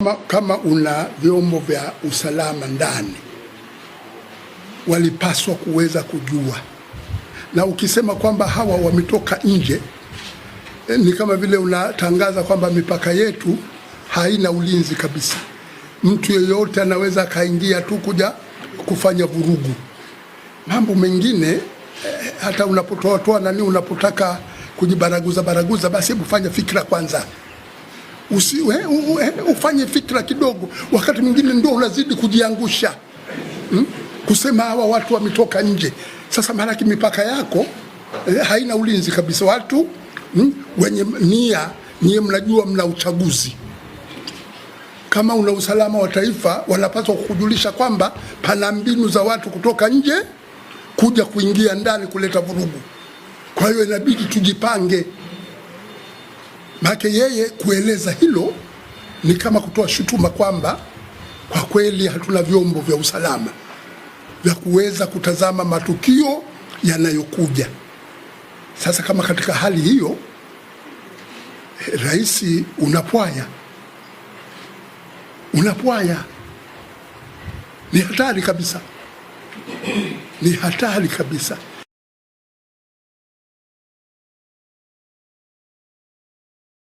Kama, kama una vyombo vya usalama ndani walipaswa kuweza kujua, na ukisema kwamba hawa wametoka nje eh, ni kama vile unatangaza kwamba mipaka yetu haina ulinzi kabisa, mtu yeyote anaweza akaingia tu kuja kufanya vurugu. Mambo mengine eh, hata unapotoatoa nani, unapotaka kujibaraguza baraguza, basi hebu fanya fikra kwanza usiwe, ufanye fikra kidogo, wakati mwingine ndio unazidi kujiangusha hmm? Kusema hawa watu wametoka nje. Sasa maanake mipaka yako eh, haina ulinzi kabisa. Watu hmm? wenye nia, nyie mnajua mna uchaguzi kama una usalama wa taifa, wanapaswa kukujulisha kwamba pana mbinu za watu kutoka nje kuja kuingia ndani kuleta vurugu. Kwa hiyo inabidi tujipange. Maana yeye kueleza hilo ni kama kutoa shutuma kwamba kwa kweli hatuna vyombo vya usalama vya kuweza kutazama matukio yanayokuja. Sasa kama katika hali hiyo rais unapwaya, unapwaya, ni hatari kabisa, ni hatari kabisa.